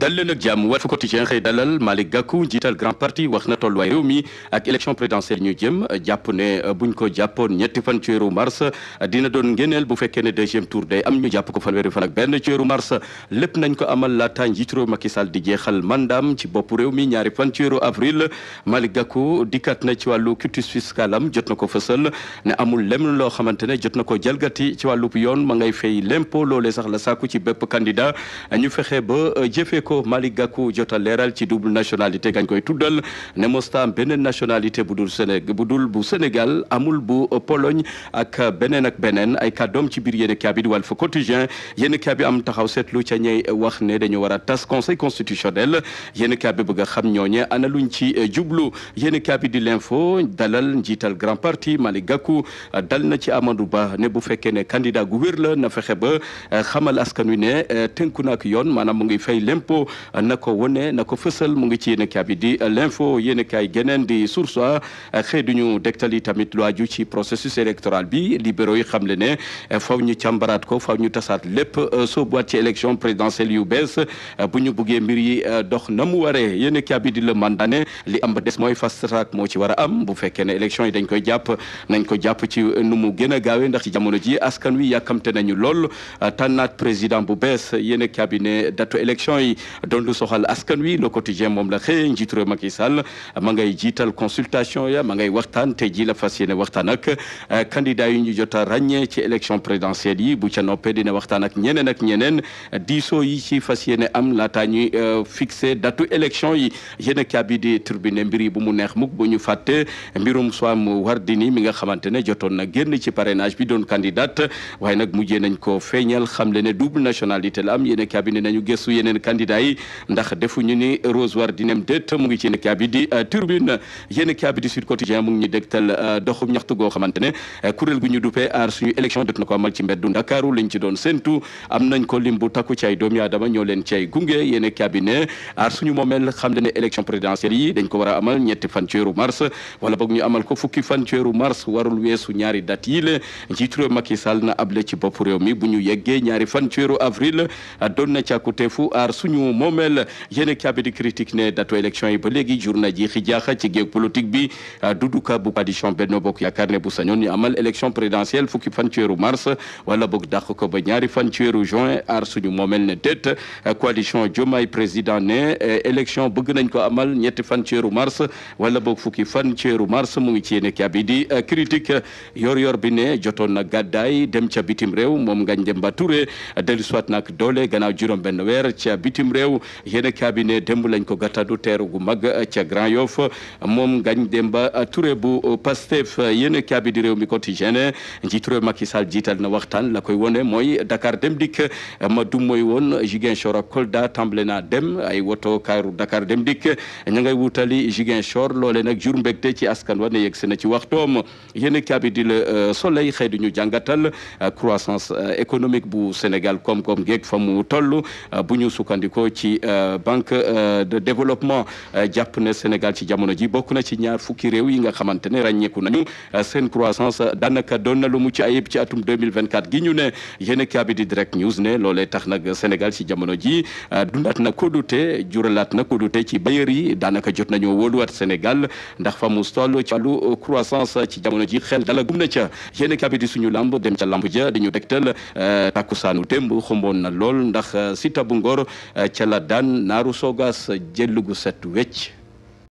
dal leen ak jàmm Walf Quotidien xëy dalal Malick Gakou njiital grand parti wax na tolluwaay réew mi ak élection présidentielle ñu jëm jàpp ne euh, buñ ko jàppoon ñetti fan ci weeru mars euh, dina doon ngéneel bu fekkee ne deuxième tour day am ñu jàpp ko fanweeri fan ak benn ci weeru mars lépp nañ ko amal laata njiitu réew Macky Sall di jeexal mandam ci bopp réew mi ñaari fan ci weeru avril Malick Gakou dikkaat na ci wàllu quitus fiscal am jot na ko fësal ne amul lenn loo xamante ne jot na ko jalgati ci wàllu yoon ma ngay fay l'impôt loolee sax la sàkku ci bépp candidat ñu fexe ba euh, jëfee ko Malick Gakou jot a leeral ci double nationalité gañ koy tuddal ne mosta beneen nationalité bu dul Sénégal bu dul bu Sénégal amul bu Pologne ak beneen ak beneen ay kàddoom ci biir yéen kaa bi di Walf Quotidien yéen kaa bi am taxaw seetlu ca ñey wax ne dañu war a tas conseil constitutionnel yéen kaa bi bëgg a xam ñooñe ana luñ ci jublu yéen kaa bi di l'info dalal njiital grand parti Malick Gakou dal na ci Amadou Ba ne bu fekkee ne candidat gu wér la na fexe ba xamal askan wi ne tënku na ak yoon ko na ko wone na ko fësal mu ngi ci yéen kaay bi di l'info yéen kaay geneen di source xëy ñu dektali tamit lu aju ci processus électoral bi libéraux yi xam le ne faw ñu càmbaraat ko faw ñu tasaat lépp soo boite ci élection présidentielle yu bees bu ñu buggee mbir yi dox na mu waree yéen kaay bi di le mandane li am ba des mooy fast track moo ci war am bu fekkee ne élection yi dañ koy jàpp nañ ko jàpp ci nu mu gën a gaawee ndax ci jamono ji askan wi yàkkamte nañu lool tànnaat président bu bees yi doon lu soxal askan wi le quotidien moom la xëy njiitu réew Macky Sall ma ngay jiital consultation ya ma ngay waxtaan te ji la fas yéene waxtaan ak euh, candidat yi ñu jot a ràññee ci élection présidentielle yi bu ca noppee dina waxtaan ak ñeneen ak ñeneen diisoo yi ci fas yéene am laata ñuy euh, fixé datu élection yi yéen a kaabi di tribune mbir yi bu mu neex mukk bu ñu fàtte mbirum Soham Wardini mi nga xamante ne jotoon na génn ci parrainage bi doon candidate waaye nag mujjee nañ ko feeñal xam ne double nationalité la am yéen a kaabi ne nañu gëstu yeneen candidat candidat yi ndax defu ñu Rose Wardini déet mu ngi ci yéen kaabi di euh, turbine yéen kaabi di Sud Quotidien ngi ñu dégtal euh, doxum ñaxtu goo xamante ne euh, kuréel gu ñu dupee aar suñu élection jot na ko amal ci mbeddu Ndakaaru lañ ci doon séntu am nañ ko lim bu takku ci ay doomi aadama ñoo leen ci gunge yéen kaabi ne aar suñu moomeel xam ne ne élection présidentielle yi dañ ko war a amal ñetti fan ci weeru mars wala boog ñu amal ko fukki fan ci weeru mars warul weesu ñaari date yi la njiitu réew Macky Sall na mi bu ñu yeggee ñaari fan ci weeru avril sunu moomeel yéen kaabi di critique ne datu élection yi ba léegi jur na jiixi jaaxa ci géeg politique bi ah, Doudou Ka bu coalition Benno Bokk Yaakaar ne bu sañoon ñu amal élection présidentielle fukki fan ci weeru mars wala boog dàq ko ba ñaari fan ci weeru juin aar suñu moomeel ne déet ah, coalition Diomaye président ne eh, élection bëgg nañ ko amal ñetti fan ci mars wala boog fukki fan ci mars mu ngi ci yéen kaabi di ah, critique yor yor bi ne jotoon na gàddaay dem ca bitim réew moom Ngagne Demba Touré dellu réew yéen cabinet demb lañ ko gàttadu teeru gu mag eh, ca Grand Yoff moom Ngagne Demba eh, Touré bu eh, Pastef yéen cabinet di réew mi quotidien njiitu réew Macky Sall jiital na waxtaan la koy wone mooy Dakar dem dikk ma du mooy woon Ziguinchor ak Kolda tàmbale na dem ay woto kaaru Dakar dem dikk ña ngay wutali Ziguinchor loole nag jur mbégte ci askan wa ne yegg si na ci waxtoom yéen cabinet di Le Soleil xëy du ñu jàngatal croissance économique bu Sénégal koom-koom geeg fa mu toll bu ñu sukkandikoo xew ci euh, banque euh, de développement euh, jàpp ne Sénégal ci jamono ji bokk na ci ñaar fukki réew yi nga xamante ne ràññeeku nañu seen croissance daanaka doon na lu mucc ayib ci atum 2024 gi ñu ne yéen a kaabi di direct news ne loolee tax nag Sénégal ci jamono ji dundaat na kodute juralaat na kodute ci bailleurs yi daanaka jot nañoo wóoluwaat Sénégal ndax fa mu toll ci wàllu croissance ci jamono ji xel dala gum na ca yéen a suñu lamb dem ca lamb ja di ñu tegtal takkusaanu démb xomboon na lool ndax Siteu ca la daan naaru sooga sa gu set wecc